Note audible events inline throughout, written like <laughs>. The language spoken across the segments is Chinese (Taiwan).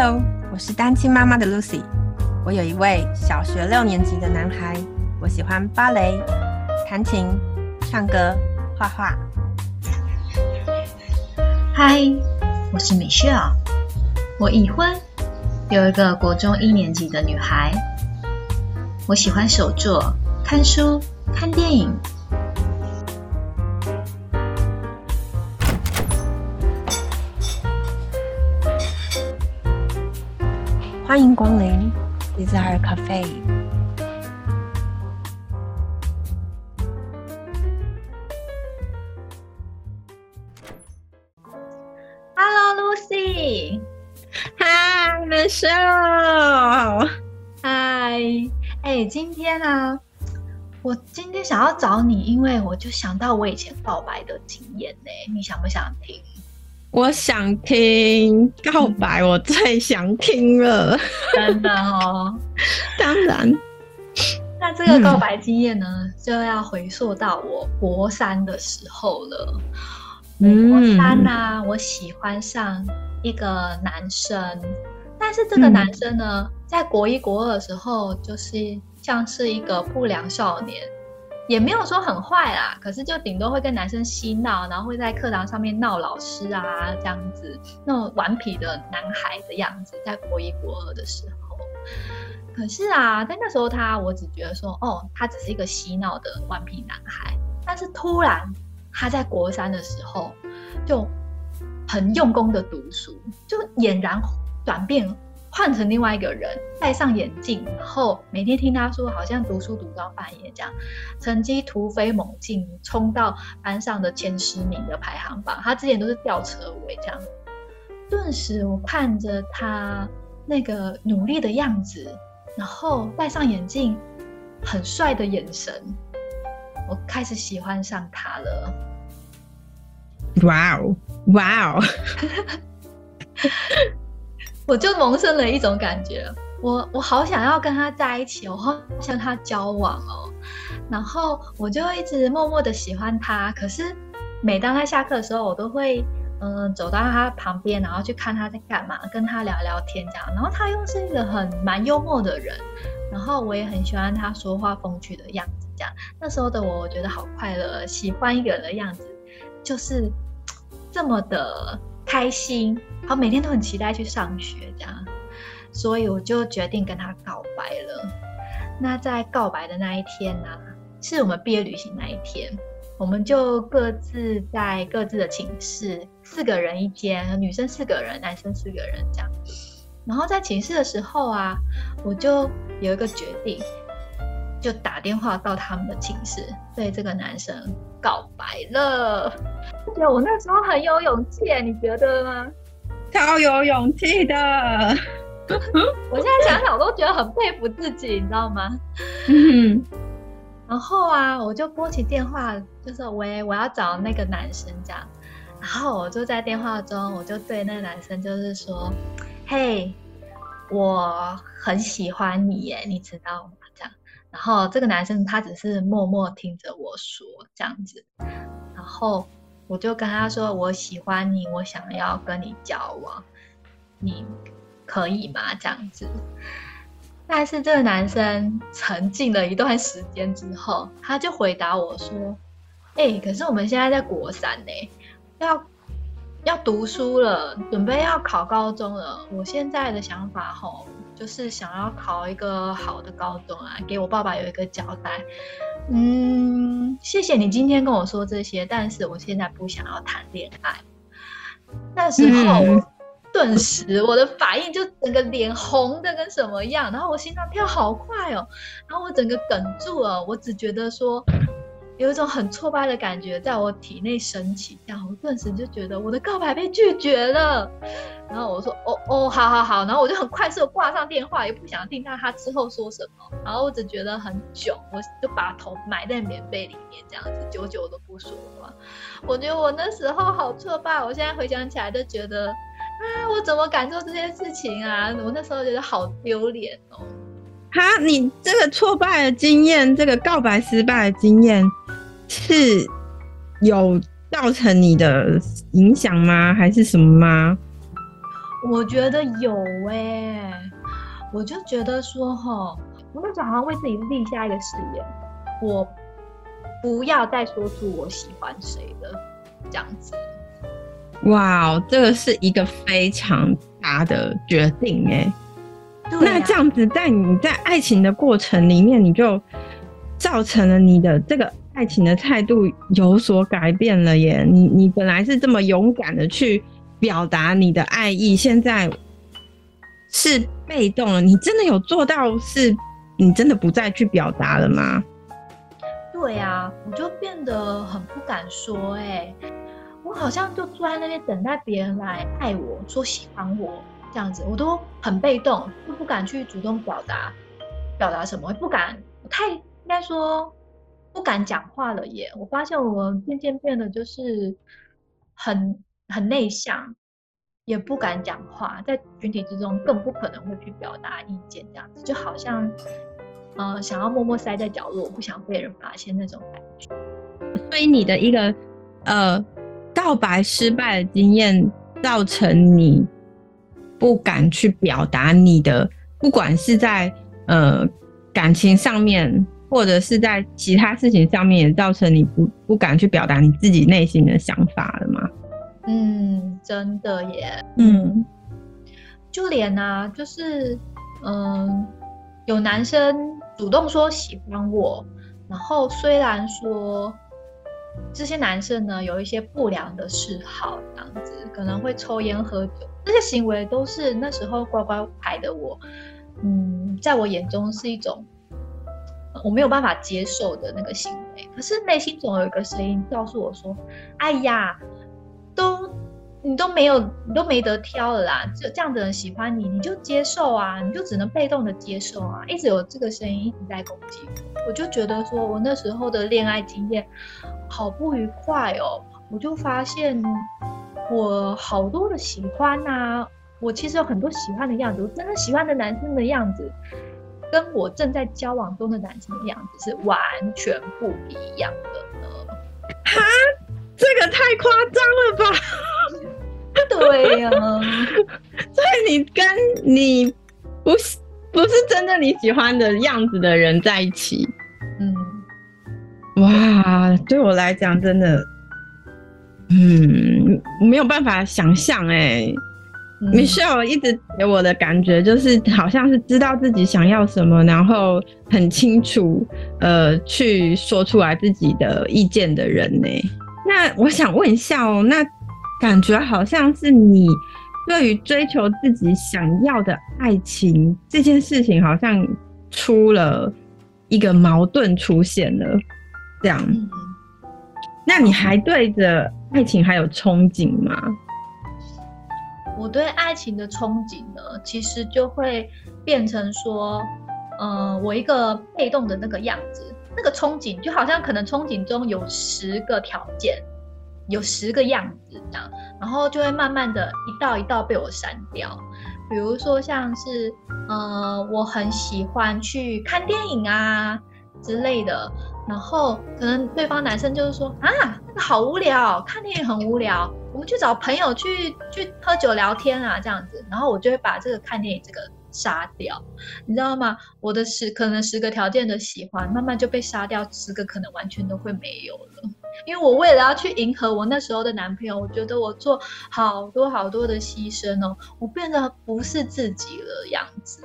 Hello，我是單親媽媽的 Lucy，我有一位小學六年級的男孩，我喜歡芭蕾、彈琴、唱歌、畫畫。Hi，我是 Michelle，我已婚，有一個國中一年級的女孩，我喜歡手作、看書、看電影。歡迎光臨 Desire Cafe。Hello Lucy，Hi Michelle，Hi，哎、hey，今天呢、啊，我今天想要找你，因為我就想到我以前告白的經驗呢，你想不想聽？我想聽告白，我最想聽了。真的哦？當然。 <laughs> 那這個告白經驗呢，就要回溯到我國三的時候了。嗯、國三啊，我喜歡上一個男生，但是這個男生呢，嗯、在國一、國二的時候，就是像是一個不良少年。也沒有說很壞啦，可是就頂多會跟男生嬉鬧，然後會在課堂上面鬧老師啊，這樣子那種頑皮的男孩的樣子，在國一國二的時候。可是啊，在那時候他，我只覺得說，哦，他只是一個嬉鬧的頑皮男孩。但是突然他在國三的時候，就很用功的讀書，就儼然轉變，換成另外一個人，戴上眼鏡，然後每天聽他說，好像讀書讀到半夜這樣，成績突飛猛進，衝到班上的前十名的排行榜。他之前都是吊車尾這樣，頓時我看着他那個努力的樣子，然後戴上眼鏡，很帥的眼神，我開始喜歡上他了。Wow，Wow wow。 <laughs> 我就萌生了一種感覺，我我好想要跟他在一起，我好想跟他交往哦。然後我就一直默默的喜歡他，可是每當他下課的時候，我都會嗯、呃、走到他旁邊，然後去看他在幹嘛，跟他聊聊天這樣。然後他又是一個很蠻幽默的人，然後我也很喜歡他說話風趣的樣子這樣。那時候的我，我覺得好快樂，喜歡一個人的樣子就是這麼的。開心，好，每天都很期待去上學，這樣，所以我就決定跟他告白了。那在告白的那一天呢、啊，是我們畢業旅行那一天，我們就各自在各自的寢室，四個人一間，女生四個人，男生四個人，這樣。然後在寢室的時候啊，我就有一個決定。就打電話到他們的寢室，對這個男生告白了。我覺得我那時候很有勇氣欸，你覺得嗎？超有勇氣的。 <laughs> 我現在想想我都覺得很佩服自己，你知道嗎？嗯。然後啊，我就撥起電話，就是喂，我要找那個男生這樣。然後我就在電話中，我就對那個男生就是說：“嘿， <laughs> 我很喜歡你耶，你知道嗎？”然後這個男生他只是默默聽着我說這樣子，然後我就跟他說我喜歡你，我想要跟你交往，你可以嗎？這樣子。但是這個男生沉靜了一段時間之後，他就回答我說：“欸，可是我們現在在國三呢，要要讀書了，準備要考高中了。我現在的想法吼。”就是想要考一個好的高中啊，給我爸爸有一個交代。嗯，謝謝你今天跟我說這些，但是我現在不想要談戀愛。那時候，嗯，頓時我的反應就整個臉紅的跟什麼樣，然後我心臟跳好快哦，然後我整個哽住了，我只覺得說。有一種很挫敗的感覺在我體內升起，然後我頓時就覺得我的告白被拒絕了。然後我說哦哦，好好好，然後我就很快速掛上電話，也不想聽他他之後說什麼。然後我只覺得很囧，我就把頭埋在棉被裡面，這樣子久久都不說話。我覺得我那時候好挫敗，我現在回想起來就覺得啊，我怎麼敢做這件事情啊？我那時候覺得好丟臉哦。哈，你這個挫敗的經驗，這個告白失敗的經驗。是有造成你的影響嗎？還是什麼嗎？我覺得有誒、欸。我就覺得說齁，如果想好為自己立下一個誓言，我不要再說出我喜歡誰了，這樣子。哇、wow，這個是一個非常大的決定誒、欸。對啊。那這樣子，在你在愛情的過程裡面，你就造成了你的這個。愛情的態度有所改變了耶！你你本來是這麼勇敢的去表達你的愛意，現在是被動了。你真的有做到是？你真的不再去表達了嗎？對呀、啊，我就變得很不敢說、欸。哎，我好像就坐在那邊等待別人來愛我，說喜歡我這樣子，我都很被動，就不敢去主動表達，表達什麼，不敢，我太應該說不敢講話了耶！我發現我漸漸變得就是很很內向，也不敢講話，在群體之中更不可能會去表達意見，這樣子就好像呃想要默默塞在角落，不想被人發現那種感覺。所以你的一個呃告白失敗的經驗，造成你不敢去表達你的，不管是在呃感情上面，或者是在其他事情上面也造成你不不敢去表達你自己內心的想法的嗎？嗯，真的耶。嗯，就連啊，就是嗯，有男生主動說喜歡我，然後雖然說這些男生呢有一些不良的嗜好，這樣子可能會抽菸喝酒，這些行為都是那時候乖乖牌的我，嗯，在我眼中是一種。我沒有辦法接受的那個行為，可是內心總有一個聲音告訴我說：“哎呀，都你都沒有，你都沒得挑了啦！這這樣的人喜歡你，你就接受啊，你就只能被動的接受啊！”一直有這個聲音一直在攻擊我，我就覺得說我那時候的戀愛經驗好不愉快哦。我就發現我好多的喜歡吶、啊，我其實有很多喜歡的樣子，我真的喜歡的男生的樣子。跟我正在交往中的男生的樣子是完全不一樣的呢，哈，這個太誇張了吧？ <laughs> 對呀、啊， <laughs> 所以你跟你不是不是真的你喜歡的樣子的人在一起，嗯，哇，對我來講真的，嗯，沒有辦法想象哎、欸。Michelle 一直給我的感覺，就是好像是知道自己想要什麼，然後很清楚，呃，去說出來自己的意見的人呢。那我想問一下哦，那感覺好像是你對於追求自己想要的愛情這件事情，好像出了一個矛盾出現了，這樣。那你還對着愛情還有憧憬嗎？我對愛情的憧憬呢，其實就會變成說，嗯、呃，我一個被動的那個樣子，那個憧憬就好像可能憧憬中有十個條件，有十個樣子這樣，然後就會慢慢的一道一道被我刪掉，比如說像是，嗯、呃，我很喜歡去看電影啊之類的。然後可能對方男生就是說啊，那個好無聊，看電影很無聊，我們去找朋友去去喝酒聊天啊，這樣子。然後我就會把這個看電影這個殺掉，你知道嗎？我的十可能十個條件的喜歡，慢慢就被殺掉，十個可能完全都會沒有了。因為我為了要去迎合我那時候的男朋友，我覺得我做好多好多的犧牲哦，我變得不是自己了樣子。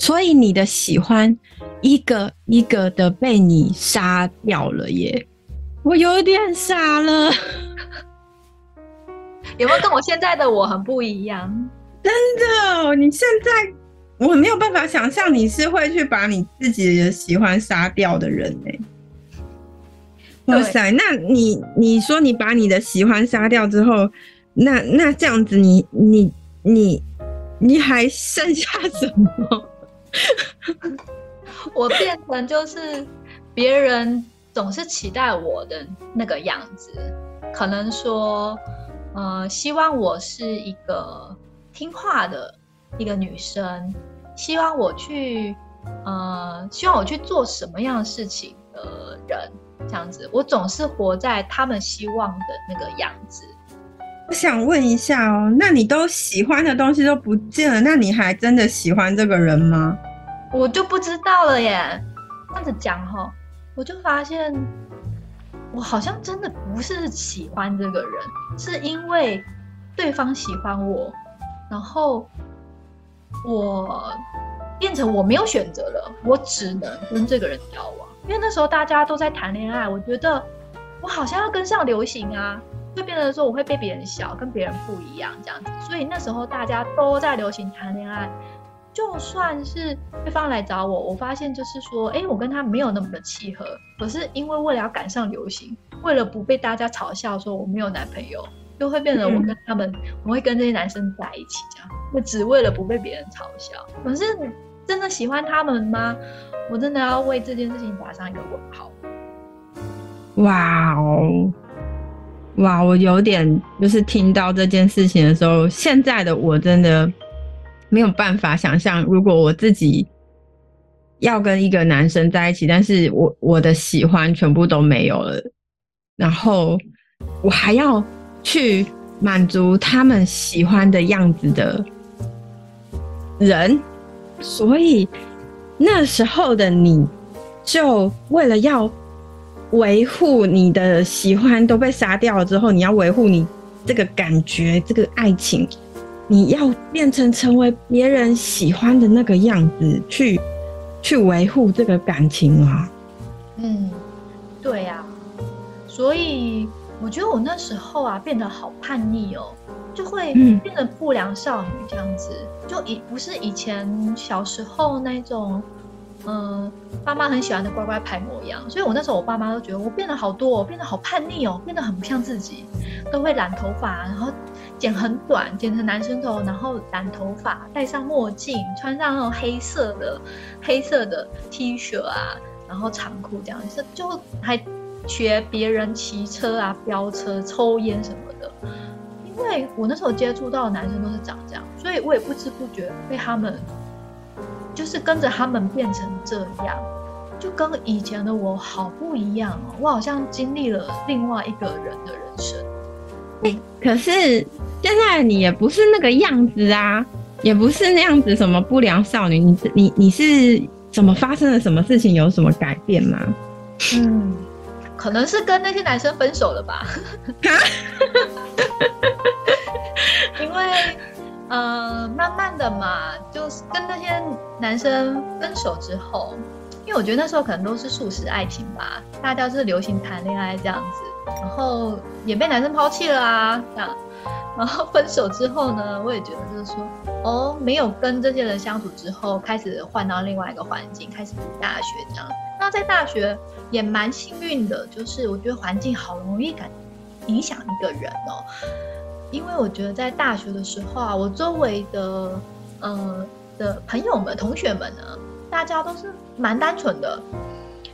所以你的喜歡，一個一個的被你殺掉了耶！我有點傻了， <laughs> 有沒有跟我現在的我很不一樣？真的哦，你現在我沒有辦法想象你是會去把你自己的喜歡殺掉的人呢。哇塞，那你你說你把你的喜歡殺掉之後，那那這樣子你，你你你你還剩下什麼？ <laughs> <laughs> 我變成就是別人總是期待我的那個樣子，可能說，呃，希望我是一個聽話的一個女生，希望我去，呃，希望我去做什麼樣的事情的人，這樣子，我總是活在他們希望的那個樣子。我想問一下哦、喔，那你都喜歡的東西都不見了，那你還真的喜歡這個人嗎？我就不知道了耶。這樣子講哈、喔，我就發現我好像真的不是喜歡這個人，是因為對方喜歡我，然後我變成我沒有選擇了，我只能跟這個人交往。嗯。因為那時候大家都在談戀愛，我覺得我好像要跟上流行啊。會變得說我會被別人笑，跟別人不一樣這樣子，所以那時候大家都在流行談戀愛，就算是對方來找我，我發現就是說，哎、欸，我跟他沒有那麼的契合，可是因為為了要趕上流行，為了不被大家嘲笑說我沒有男朋友，就會變得我跟他們、嗯，我會跟這些男生在一起，這樣就只為了不被別人嘲笑。可是真的喜歡他們嗎？我真的要為這件事情打上一個問號。哇哦。哇，我有點就是聽到這件事情的時候，現在的我真的沒有辦法想象，如果我自己要跟一個男生在一起，但是我我的喜歡全部都沒有了，然後我還要去滿足他們喜歡的樣子的人，所以那時候的你就為了要。維護你的喜歡都被殺掉了之後，你要維護你這個感覺，這個愛情，你要變成成為別人喜歡的那個樣子去，去維護這個感情啊。嗯，對呀。所以我覺得我那時候啊變得好叛逆哦，就會變得不良少女這樣子，就以不是以前小時候那種。嗯，爸媽很喜歡的乖乖牌模樣，所以我那時候我爸媽都覺得我變了好多哦，變得好叛逆哦，變得很不像自己，都會染頭髮，然後剪很短，剪成男生頭，然後染頭髮，戴上墨鏡，穿上那種黑色的、黑色的 T 恤啊，然後長褲這樣子，就還學別人騎車啊、飆車、抽煙什麼的，因為我那時候接觸到的男生都是長這樣，所以我也不知不覺被他們。就是跟着他們變成這樣，就跟以前的我好不一樣哦。我好像經歷了另外一個人的人生。欸，可是現在你也不是那個樣子啊，也不是那樣子什麼不良少女。你是你你是怎麼發生了什麼事情，有什麼改變嗎？嗯，可能是跟那些男生分手了吧。 <laughs> 哈 <laughs> <laughs> 因為。呃，慢慢的嘛，就是跟那些男生分手之後，因為我覺得那時候可能都是速食愛情吧，大家就是流行談戀愛這樣子，然後也被男生拋棄了啊，這樣。然後分手之後呢，我也覺得就是說，哦，沒有跟這些人相處之後，開始換到另外一個環境，開始讀大學這樣。那在大學也蠻幸運的，就是我覺得環境好容易感影響一個人哦。因為我覺得在大學的時候啊，我周圍的，嗯、呃、的朋友們、同學們呢，大家都是蠻單純的，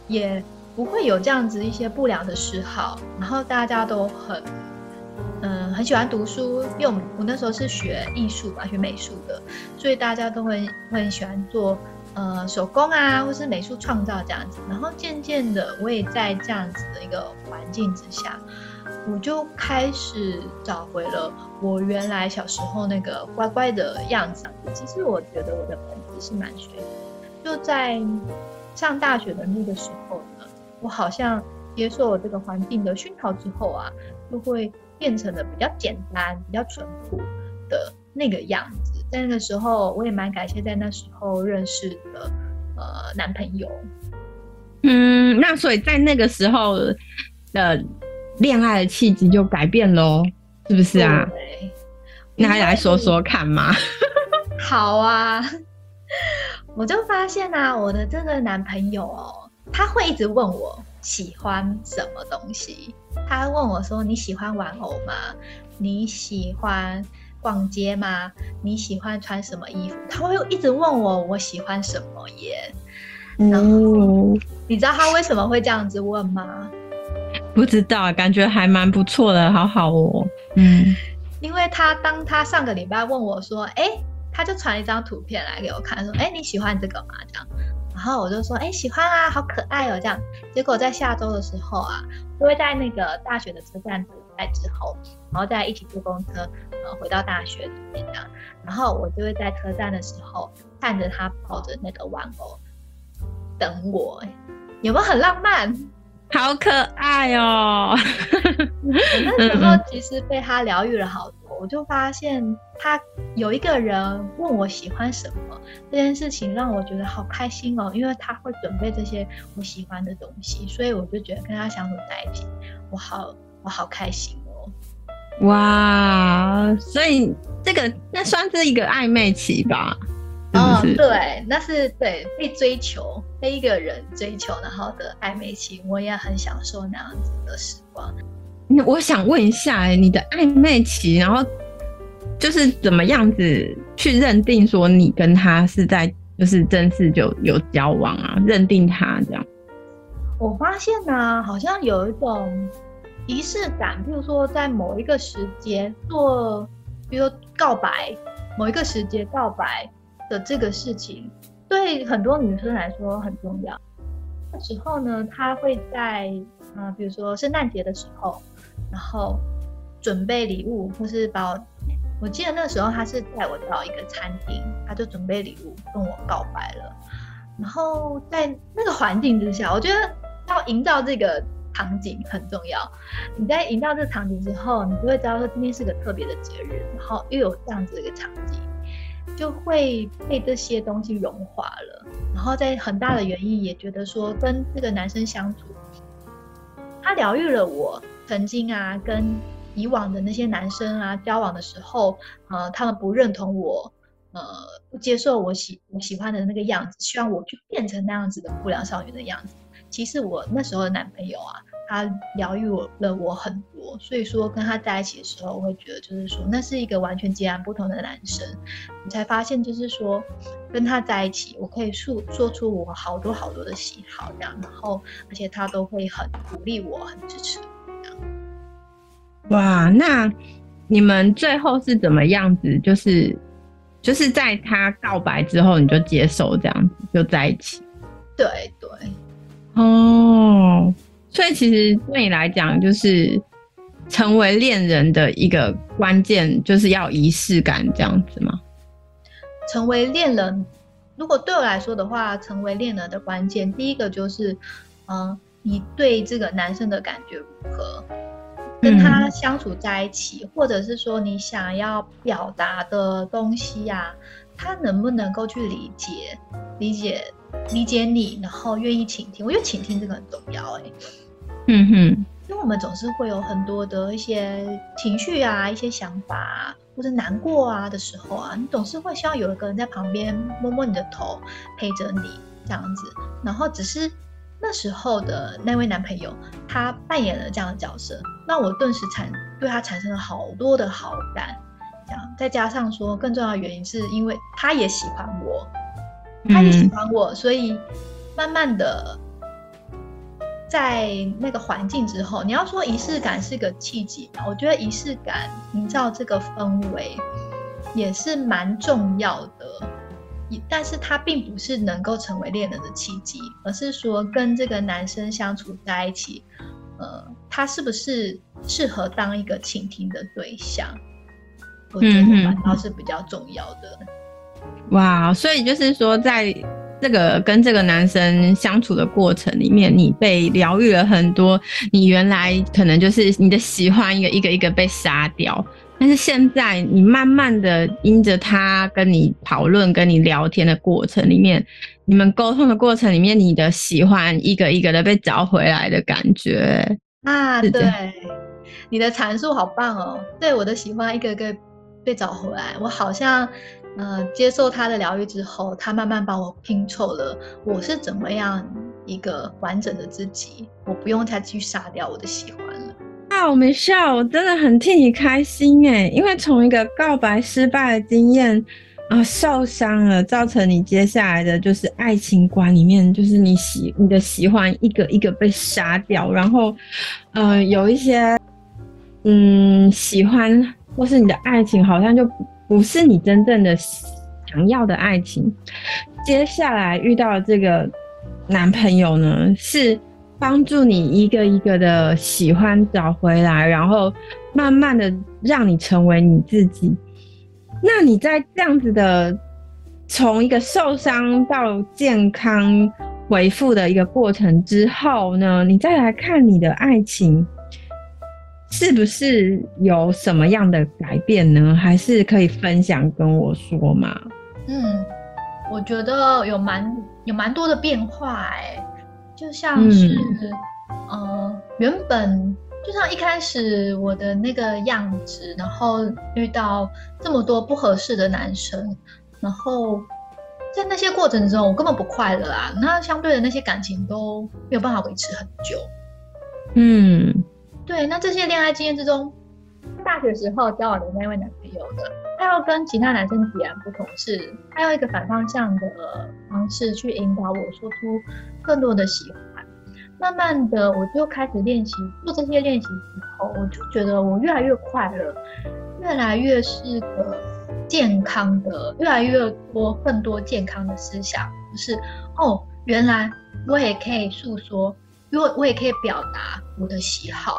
也不會有這樣子一些不良的嗜好，然後大家都很，嗯、呃，很喜歡讀書。因為我們我那時候是學藝術嘛，學美術的，所以大家都會會很喜歡做呃手工啊，或是美術創造這樣子。然後漸漸的，我也在這樣子的一個環境之下。我就開始找回了我原來小時候那個乖乖的樣子、啊。其實我覺得我的本質是蠻純的，就在上大學的那個時候呢，我好像接受了這個環境的熏陶之後啊，就會變成了比較簡單、比較淳樸的那個樣子。在那個時候，我也蠻感謝在那時候認識的呃男朋友。嗯，那所以在那個時候的。戀愛的氣質就改變嘍，是不是啊？那還來說說看嘛、嗯。好啊，我就發現啊，我的這個男朋友哦，他會一直問我喜歡什麼東西。他問我說：“你喜歡玩偶嗎？你喜歡逛街嗎？你喜歡穿什麼衣服？”他會一直問我我喜歡什麼耶。嗯、然後你知道他為什麼會這樣子問嗎？不知道，感覺還蠻不錯的，好好哦。嗯，因為他當他上個禮拜問我說，哎，他就傳一張圖片來給我看，說，哎，你喜歡這個嗎？這樣，然後我就說，哎，喜歡啊，好可愛哦，這樣。結果在下週的時候啊，就會在那個大學的車站等待之後，然後再一起坐公車，然後回到大學裡面這樣。然後我就會在車站的時候看着他抱着那個玩偶等我，有沒有很浪漫？好可愛哦、喔！ <laughs> 我那時候其實被他療癒了好多， <laughs> 我就發現他有一個人問我喜歡什麼這件事情，讓我覺得好開心哦、喔，因為他會準備這些我喜歡的東西，所以我就覺得跟他相處在一起，我好我好開心哦、喔！哇，所以這個那算是一個曖昧期吧？是是是哦，對，那是對被追求，被一個人追求，然後的曖昧期，我也很享受那樣子的時光。我想問一下，你的曖昧期，然後就是怎麼樣子去認定說你跟他是在就是正式就有，有交往啊？認定他這樣？我發現呢、啊，好像有一種儀式感，譬如說在某一個時間做，比如說告白，某一個時間告白。的這個事情對很多女生來說很重要。那時候呢，她會在嗯、啊，比如說聖誕節的時候，然後準備禮物，或是把我。我記得那時候她是帶我到一個餐廳，她就準備禮物跟我告白了。然後在那個環境之下，我覺得要營造這個場景很重要。你在營造這個場景之後，你就會知道說今天是個特別的節日，然後又有這樣子一個場景。就會被這些東西融化了，然後在很大的原因也覺得說跟這個男生相處，他療癒了我曾經啊跟以往的那些男生啊交往的時候，呃，他們不認同我，呃，不接受我喜我喜歡的那個樣子，希望我去變成那樣子的不良少女的樣子。其實我那時候的男朋友啊。他療癒我了我很多，所以說跟他在一起的時候，我會覺得就是說，那是一個完全截然不同的男生。你才發現就是說跟他在一起，我可以說出我好多好多的喜好這樣，然後而且他都會很鼓勵我，很支持這樣。哇，那你們最後是怎麼樣子？就是就是在他告白之後，你就接受這樣子就在一起？對對，哦、oh。所以其實對你來講，就是成為戀人的一個關鍵，就是要儀式感這樣子嗎？成為戀人，如果對我來說的話，成為戀人的關鍵，第一個就是，嗯，你對這個男生的感覺如何？跟他相處在一起，嗯、或者是說你想要表達的東西啊，他能不能夠去理解、理解、理解你，然後願意傾聽？我覺得傾聽這個很重要、欸，誒。嗯哼，因為我們總是會有很多的一些情緒啊，一些想法啊，或者難過啊的時候啊，你總是會希望有一個人在旁邊摸摸你的頭陪你，陪着你這樣子。然後只是那時候的那位男朋友，他扮演了這樣的角色，讓我頓時產對他產生了好多的好感。這樣再加上說，更重要的原因是因為他也喜歡我，他也喜歡我，嗯、所以慢慢的。在那個環境之後，你要說儀式感是個契機嘛？我覺得儀式感營造這個氛圍也是蠻重要的，但是他並不是能夠成為戀人的契機，而是說跟這個男生相處在一起，呃，他是不是適合當一個傾聽的對象？嗯？我覺得反倒是比較重要的。哇，所以就是說在。這個跟這個男生相處的過程裡面，你被療癒了很多。你原來可能就是你的喜歡一個一個一個被殺掉，但是現在你慢慢的因着他跟你討論、跟你聊天的過程裡面，你們溝通的過程裡面，你的喜歡一個一個的被找回來的感覺啊！對，你的闡述好棒哦。對，我的喜歡一個個被找回來，我好像。嗯、呃，接受他的療癒之後，他慢慢把我拼湊了，我是怎麼樣一個完整的自己，我不用再去殺掉我的喜歡了。啊，我沒笑，我真的很替你開心欸，因為從一個告白失敗的經驗啊、呃、受傷了，造成你接下來的就是愛情觀裡面，就是你喜你的喜歡一個一個被殺掉，然後，呃，有一些嗯喜歡或是你的愛情好像就。不是你真正的想要的愛情。接下來遇到的這個男朋友呢，是幫助你一個一個的喜歡找回來，然後慢慢的讓你成為你自己。那你在這樣子的從一個受傷到健康回復的一個過程之後呢，你再來看你的愛情。是不是有什麼樣的改變呢？還是可以分享跟我說嗎？嗯，我覺得有蠻有蠻多的變化誒。就像是嗯、呃，原本就像一開始我的那個樣子，然後遇到這麼多不合適的男生，然後在那些過程中我根本不快樂啊，那相對的那些感情都沒有辦法維持很久。嗯。對，那這些戀愛經驗之中，大學時候交往的那一位男朋友的，他要跟其他男生截然不同，是他用一個反方向的方式去引導我說出更多的喜歡。慢慢的，我就開始練習，做這些練習之後，我就覺得我越來越快樂，越來越是個健康的，越來越多更多健康的思想，就是哦，原來我也可以訴說，因為我也可以表達我的喜好。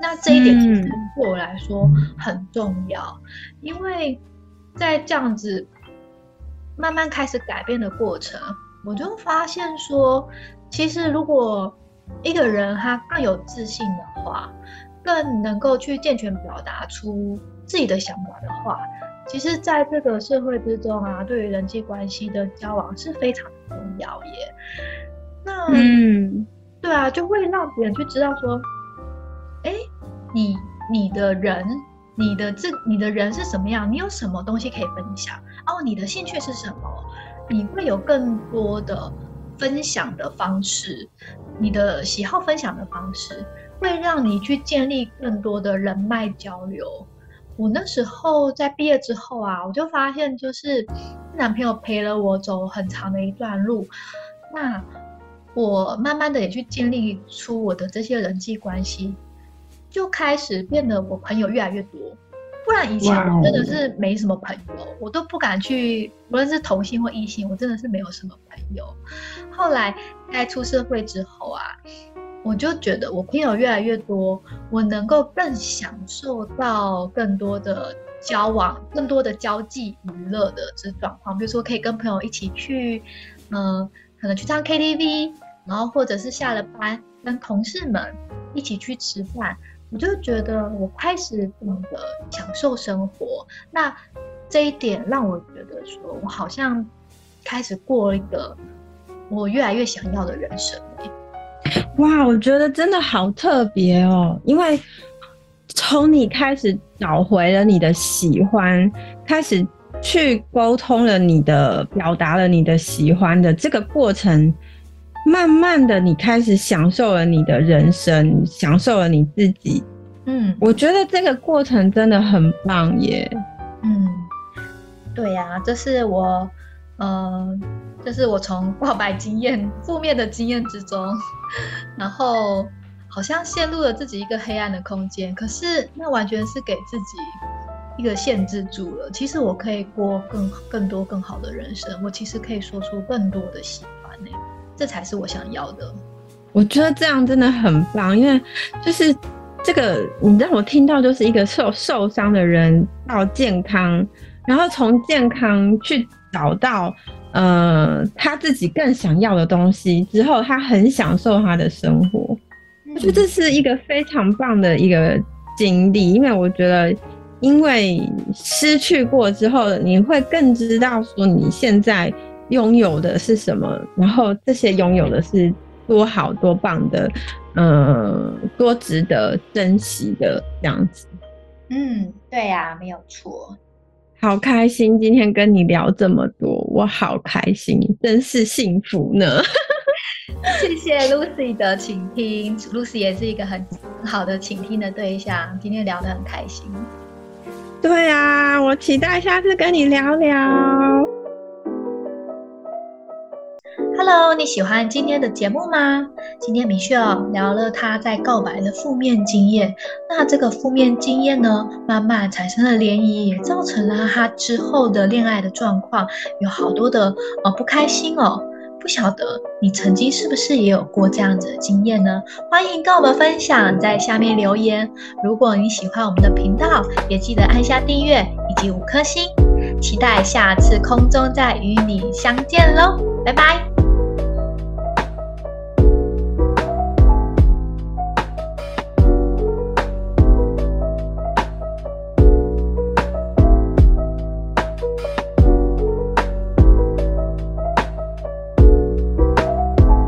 那這一點其實對我來說很重要，嗯、因為，在這樣子慢慢開始改變的過程，我就發現說，其實如果一個人他更有自信的話，更能夠去健全表達出自己的想法的話，其實在這個社會之中啊，對於人際關係的交往是非常重要耶。那嗯，對啊，就會讓別人去知道說。你你的人，你的這你的人是什麼樣？你有什麼東西可以分享？哦，你的興趣是什麼？你會有更多的分享的方式，你的喜好分享的方式，會讓你去建立更多的人脈交流。我那時候在畢業之後啊，我就發現，就是男朋友陪了我走很長的一段路，那我慢慢的也去建立出我的這些人際關係。就開始變得我朋友越來越多，不然以前我真的是沒什麼朋友，Wow. 我都不敢去，不論是同性或異性，我真的是沒有什麼朋友。後來在出社會之後啊，我就覺得我朋友越來越多，我能夠更享受到更多的交往、更多的交際、娛樂的這狀況，比如說可以跟朋友一起去，嗯、呃，可能去唱 KTV，然後或者是下了班跟同事們一起去吃飯。我就覺得我開始懂得享受生活，那這一點讓我覺得說，我好像開始過了一個我越來越想要的人生。哇，我覺得真的好特別哦！因為從你開始找回了你的喜歡，開始去溝通了你的、表達了你的喜歡的這個過程。慢慢的，你開始享受了你的人生，享受了你自己。嗯，我覺得這個過程真的很棒耶。嗯，嗯，對呀，這是我，呃，這是我從告白經驗、負面的經驗之中，然後好像陷入了自己一個黑暗的空間。可是那完全是給自己一個限制住了。其實我可以過更、更多、更好的人生。我其實可以說出更多的喜歡呢。這才是我想要的，我覺得這樣真的很棒，因為就是這個，你讓我聽到就是一個受受傷的人到健康，然後從健康去找到，嗯、呃，他自己更想要的東西之後，他很享受他的生活、嗯。我覺得這是一個非常棒的一個經歷，因為我覺得，因為失去過之後，你會更知道說你現在擁有的是什麼？然後這些擁有的是多好多棒的，嗯，多值得珍惜的這樣子。嗯，對呀，啊，沒有錯。好開心今天跟你聊這麼多，我好開心，真是幸福呢。 <laughs> 謝謝 Lucy 的傾聽，Lucy 也是一個很好的傾聽的對象，今天聊得很開心。對啊，我期待下次跟你聊聊。哈嘍，你喜歡今天的節目嗎？今天米雪兒聊了她在告白的負面經驗。那這個負面經驗呢，慢慢產生了漣漪，也造成了她之後的戀愛的狀況，有好多的呃、哦、不開心哦。不曉得你曾經是不是也有過這樣子的經驗呢？歡迎跟我們分享，在下面留言。如果你喜歡我們的頻道，也記得按下訂閱以及五顆星。期待下次空中再與你相見嘍，拜拜。